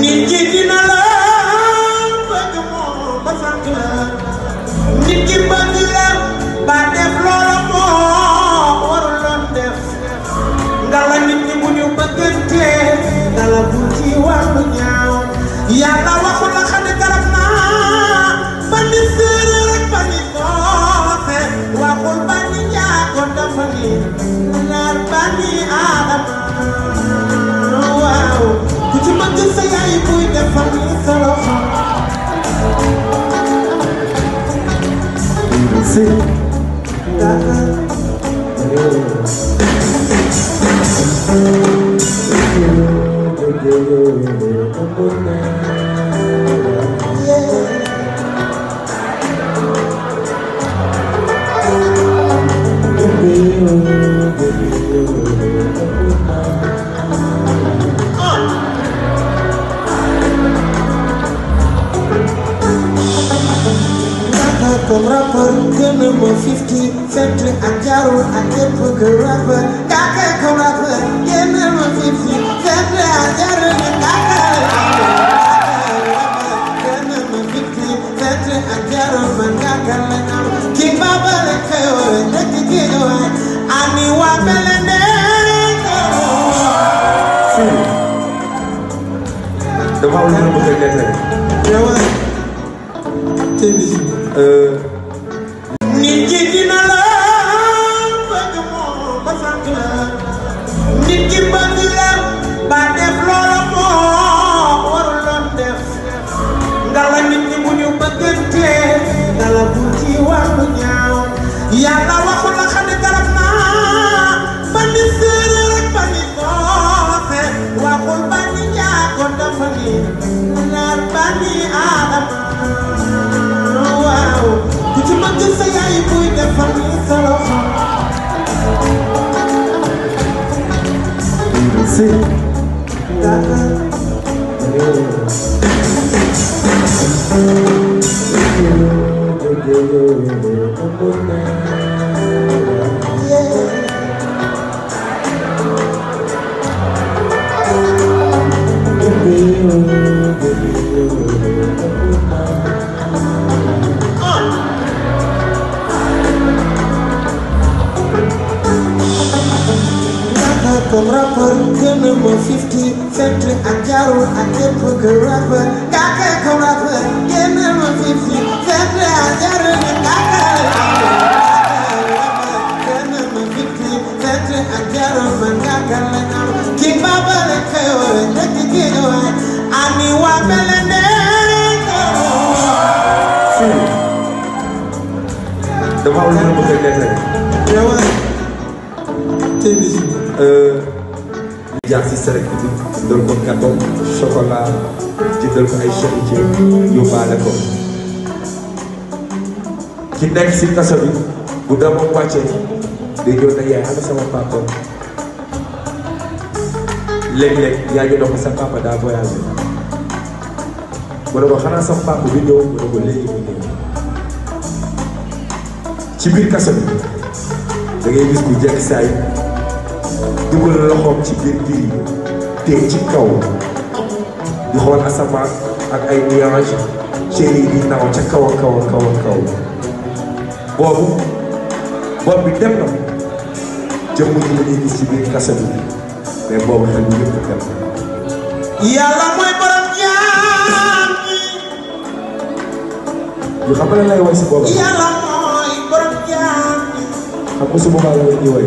nit ki dina la bëgg moom ba sant la nit ki bëgg la ba def loola moo waruloon def nga la nit ñi bu ñu bëggante nga la bu ci wàllu ñaaw yàlla waxu la Thank you. Eh euh. moom la bëgg a nettali. yow ah. tey bi. nit ki dina la bëgg moom ba sant la. nit ki bëgg la ba def loola moo waruloon def. nga la nit ñi bu ñu bëggante. nga la bu ci wax bu ñaaw. yàlla wax. Thank you. jaar si saret bi di ko gâteau chocolat di dal ko ay charité yóbbaale ko ki nekk si kaso bi bu demoon wàcce day doon na yaay ana sama papa léeg-léeg yaa ngi ne ko xanaa sama papa bi ñëw mu ne ko léegi mu ñëw ci biir kaso bi da gis ku jekk saa dugal loxoom ci biir biir te ci kaw di xool asamaan ak ay nuages chéri di naaw ca kaw a kaw a kaw boobu bopp bi dem na jëmm ji la ñuy gis ci biir kasa bi mais boobu xel bi yëpp dem na yàlla mooy borom jaam ñi xam nga lay wax boobu xam nga su boobaa la ñuy woy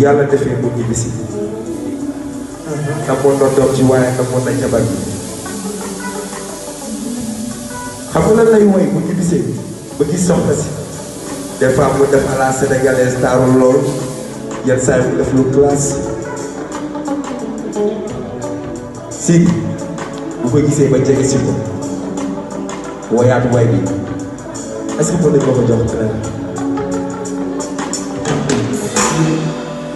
yàlla defee mu ñibbisi namoon na doom ci waaye namoon na jabar bi xam nga lan lay woy bu ñibbisee ba gis soxna si des fois mu def à la sénégalaise taaru lool yenn saa yi mu lu classe si bu ko gisee ba jege si ko woyaat way bi est-ce que ko ko jox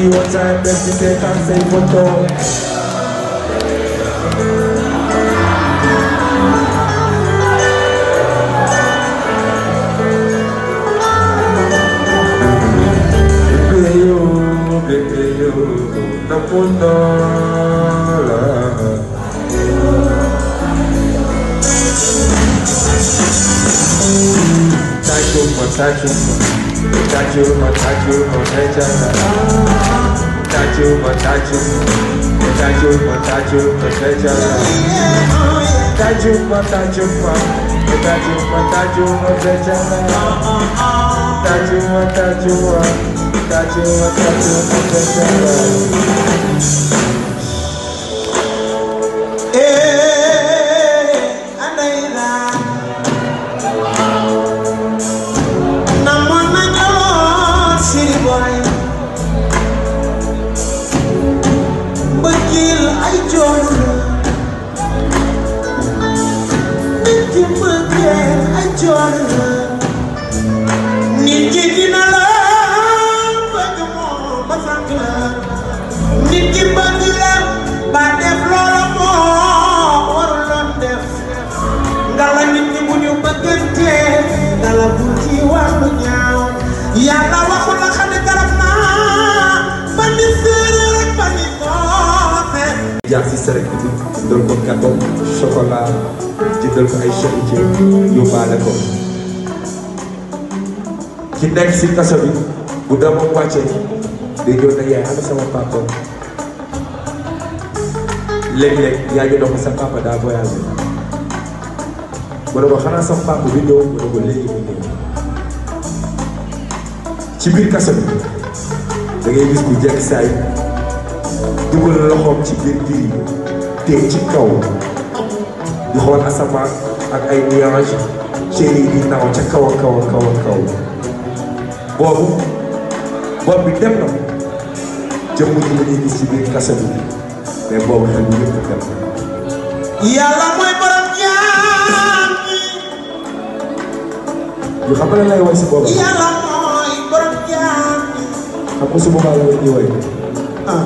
fii wasaare dem ci seetaan say photo Tachuma, tachuma Tachu, matachu, matecha, tachu, matachu, tachu, matachu, matecha, tachu, matachu, tachu, matachu, matecha, tachu, matachu, tachu, matachu, matecha. yàlla waxul la xam ne garab naa ba ni séeréer ba ni moose jaar si sërëg bi jëndal ko gâteau chocolat jëndal ko ay charité yóbbaale ko ci nekk si kaso bi bu doomam wàcce day doon na yaay ana sama papa daa voyagé ma ne ko xanaa sama papa bi ñëw ma ne ko léegi mu ñëw ci biir kaso bi da ngay gis ku jekk saay dugal loxoom ci biir biir yi ci kaw di xool asamaan ak ay nuages chaîne yi di naaw ca kaw a kaw a kaw a kaw boobu bopp bi dem na jëmm ji mu ñuy gis ci biir kaso bi mais boobu xel bi yëpp dem na yàlla mooy borom jaam yi ñu xam nga lay wax xam nga su boobaa yow di woy ah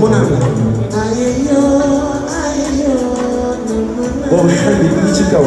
mu naan la boobu xel bi ci kaw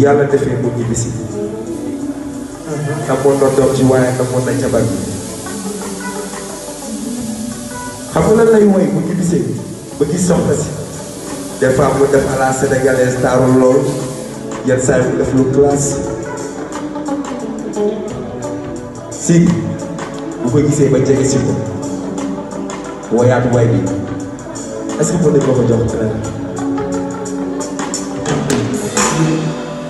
yàlla defee mu ñibbisi amoon na doom ci waaye amoon na jabar bi xam nga lan lay woy bu ñibbisee ba gis soxna si des fois mu def à la sénégalaise taarul lool yenn saa yi def lu classe si bu ko gisee ba jege si ko woyaat way bi est-ce que mën ko ko jox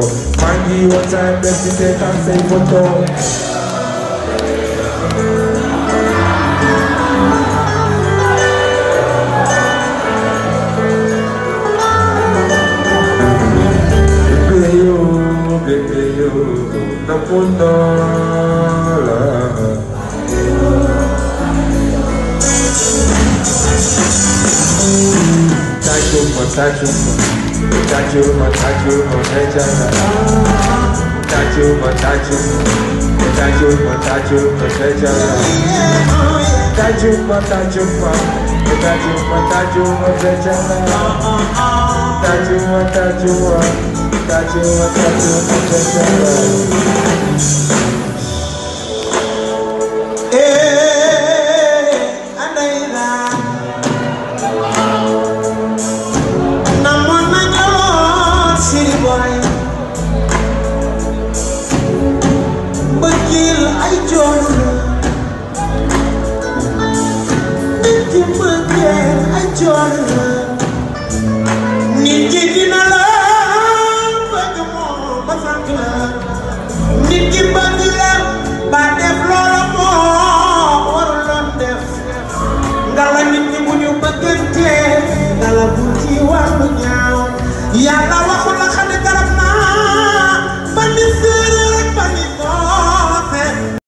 ko maa ngi woon saa yëpp si seetaan say photo Napunta la uma, sete uma, sete uma, sete uma, sete uma, sete uma, sete uma, sete uma, sete uma, sete uma, sete uma, sete uma, sete uma, sete uma, sete uma, sete uma, sete uma, sete uma, sete uma, sete uma